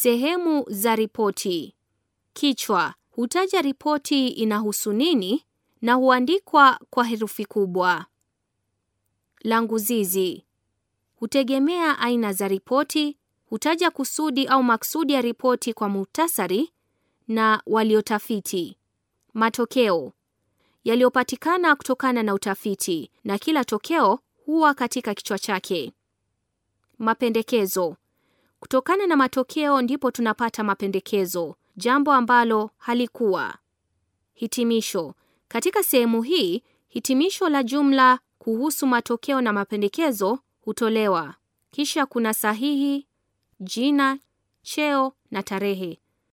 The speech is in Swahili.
Sehemu za ripoti. Kichwa hutaja ripoti inahusu nini na huandikwa kwa herufi kubwa. Languzizi hutegemea aina za ripoti, hutaja kusudi au maksudi ya ripoti kwa muhtasari na waliotafiti. Matokeo yaliyopatikana kutokana na utafiti, na kila tokeo huwa katika kichwa chake. Mapendekezo Kutokana na matokeo ndipo tunapata mapendekezo, jambo ambalo halikuwa. Hitimisho. Katika sehemu hii, hitimisho la jumla kuhusu matokeo na mapendekezo hutolewa. Kisha kuna sahihi, jina, cheo na tarehe.